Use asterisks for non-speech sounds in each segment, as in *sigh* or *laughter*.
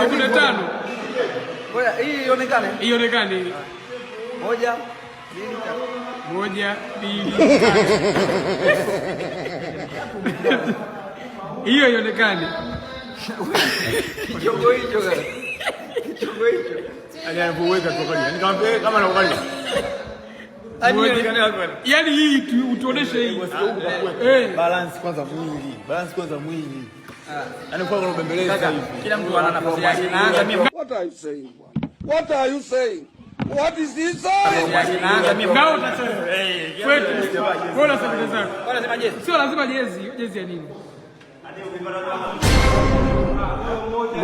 sekunde tano hii ionekane, ionekane moja mbili moja mbili *laughs* hiyo ionekane kichongo hicho kichongo hicho yaani, yaani hii tuoneshe hii eh. Eh. balance kwanza mwili balance kwanza mwili Yaani kila mtu ana nafasi yake. Naanza mimi. What are you saying? What are you saying? What is this? Naanza mimi. Ngao utasema. Eh, kwetu. Wewe unasema zako. Wewe unasema jezi. Sio lazima jezi. Jezi ya nini?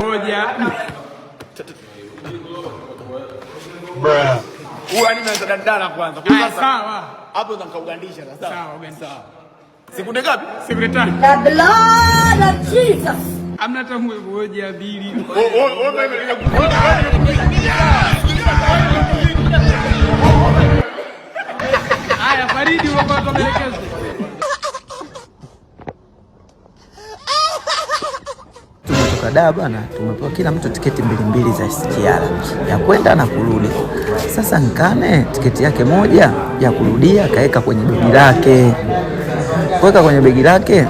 Moja. Bra. Huyu anime ndo dandana kwanza. Sawa. Hapo ndo nikagandisha sasa. Sawa, ugandisha. Sekunde ngapi? Sekunde tano. The blood of Jesus. Amna hata moja mbili. Haya, Faridi wako kwa maelekezo. Tumetoka da bana, tumepewa kila mtu tiketi mbili mbili za SGR ya kwenda na kurudi. Sasa Nkane tiketi yake moja ya kurudia akaweka kwenye begi lake kuweka kwenye begi lake,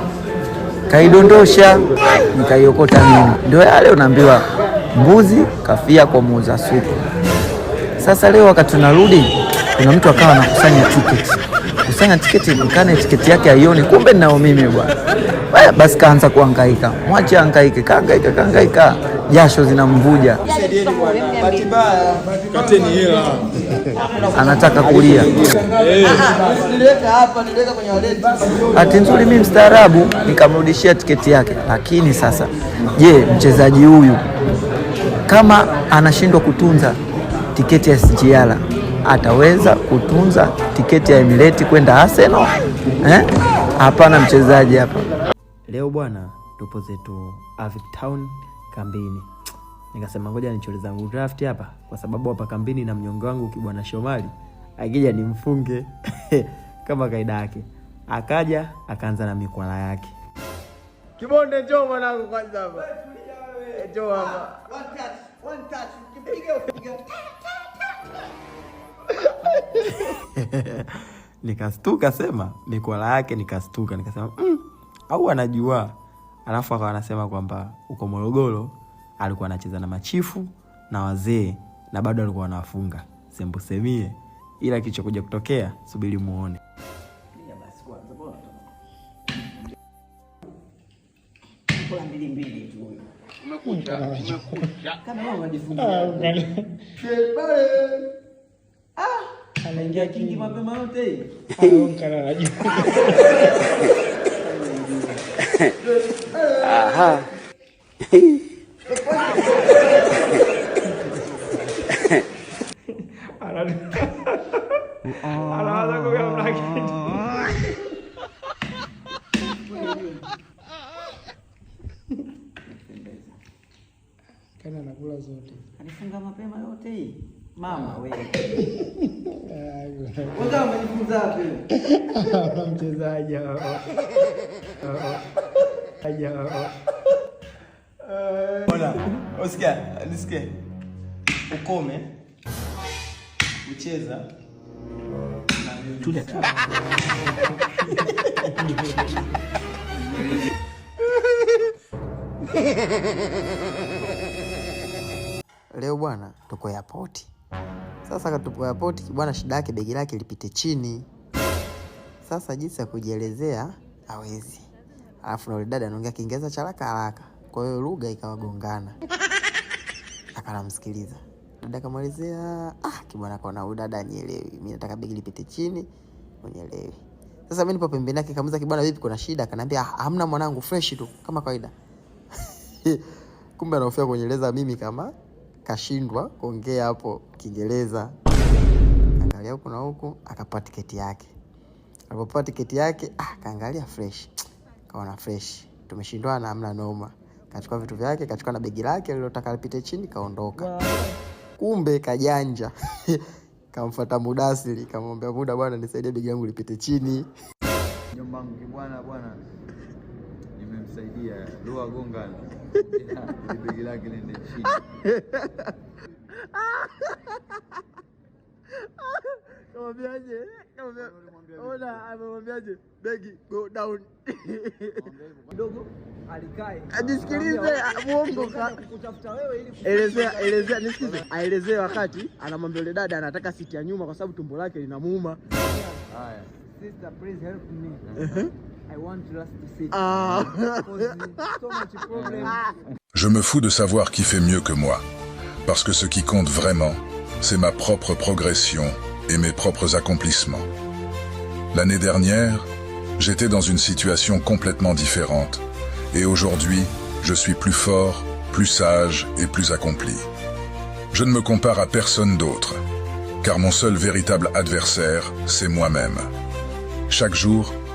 kaidondosha, nikaiokota mimi. Ndio yale unaambiwa mbuzi kafia kwa muuza supu. Sasa leo wakati tunarudi, kuna mtu akawa anakusanya tiketi kusanya tiketi mkane tiketi yake aioni, kumbe nao mimi bwana. Basi kaanza kuangaika mwache angaike kaangaika kaangaika jasho zinamvuja, anataka kulia. Hati nzuri mimi mstaarabu nikamrudishia tiketi yake, lakini sasa je, mchezaji huyu kama anashindwa kutunza tiketi ya SGR ataweza kutunza tiketi ya Emirates kwenda Arsenal? Eh? Hapana Mchezaji hapa leo bwana, tupo zetu Avic Town kambini, nikasema ngoja nichore zangu draft hapa, kwa sababu hapa kambini na mnyonge wangu kibwana Shomali akija nimfunge *laughs* kama kaida yake. Akaja akaanza na mikwala yake. Kibonde, njoo mwanangu kwanza hapa. Njoo hapa. One touch, one touch. Kipiga upiga. *laughs* nikastuka sema mikwala yake, nikastuka nikasema mm, au anajua. Alafu akawa anasema kwamba uko Morogoro alikuwa anacheza na machifu na wazee na bado alikuwa anawafunga, sembusemie, ila kilichokuja kutokea subiri muone. Ah, anaingia kingi mapema yote aha kana anakula zote, alifunga mapema yote hii. Mama ah. wewe. *laughs* umejifunza wapi? Mchezaji hao. Bora, usikia, nisikie. Ukome. Ucheza. Tule Leo bwana, tuko yapoti. Sasa akatupa airport kibwana shida yake begi lake lipite chini. Sasa jinsi ya kujielezea hawezi, alafu na dada anaongea Kiingereza cha haraka haraka, kwa hiyo lugha ikawagongana. *laughs* Akanamsikiliza dada kamwelezea, ah, kibwana kaona huyu dada anielewi, mimi nataka begi lipite chini, unielewi. Sasa mimi nipo pembeni yake, kamuza kibwana, vipi, kuna shida? Kanaambia ah, hamna mwanangu, fresh tu kama kawaida. *laughs* Kumbe anahofia kunyeleza mimi kama akashindwa kuongea hapo Kiingereza, angalia huku na huku, akapata tiketi yake. Alipopata tiketi yake, ah, kaangalia fresh, kaona fresh, tumeshindwana amna noma. Kachukua vitu vyake, kachukua na begi lake alilotaka lipite chini, kaondoka. Kumbe kajanja *laughs* kamfuata Mudasiri, kamwambia Muda bwana, nisaidie begi langu lipite chini. Jomba wangu bwana bwana kusaidia Lua Gonga begi lake liende chini. Kamwambiaje? Ona amemwambiaje? Begi go down. Kidogo alikae. Ajisikilize muongo kutafuta elezea elezea nisikize. Aelezee wakati anamwambia yule dada anataka siti ya nyuma kwa sababu tumbo lake linamuuma. Haya. Sister please help me. Uh -huh. Ah. Je me fous de savoir qui fait mieux que moi, parce que ce qui compte vraiment, c'est ma propre progression et mes propres accomplissements. L'année dernière, j'étais dans une situation complètement différente, et aujourd'hui, je suis plus fort, plus sage et plus accompli. Je ne me compare à personne d'autre, car mon seul véritable adversaire, c'est moi-même. Chaque jour,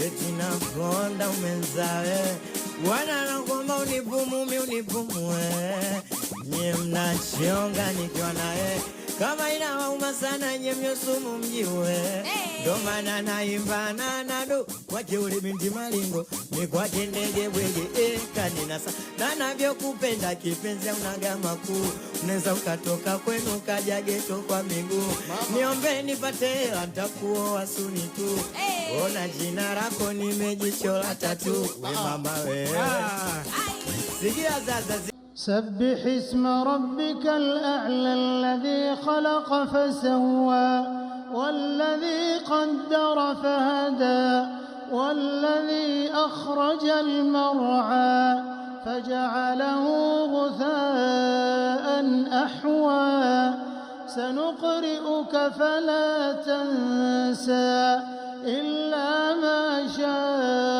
eti nakonda mwenzawe wana nakwamba univumumi univumue nye mnachionga nikiwa naye kama inawauma sana nye mnyosumu mjiwe hey. Ndo maana naimba na nado kwake ule binti malingo ni kwake ndege bwege eh, kaninasa nanavyokupenda kipenzi unagama kuu unaweza ukatoka kwenu kaja geto kwa miguu niombe nipate hela ntakuoa suni tu hey. Ona jina lako nimejichola tatu we mama we ah. Sikia sasa سبح اسم ربك الأعلى الذي خلق فسوى والذي قدر فهدى والذي أخرج المرعى فجعله غثاء أحوى سنقرئك فلا تنسى إلا ما شاء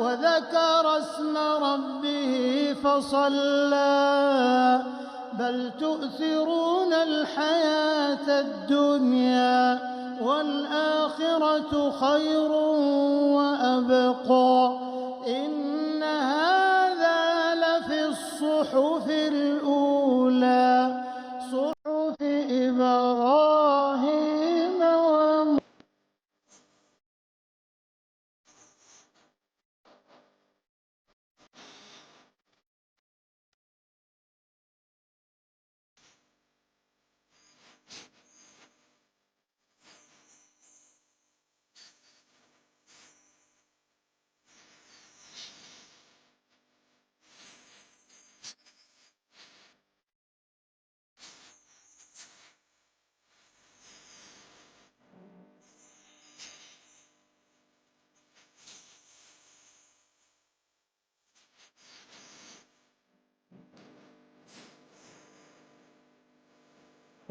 وذكر اسم ربه فصلى بل تؤثرون الحياة الدنيا والآخرة خير وأبقى إن هذا لفي الصحف الأولى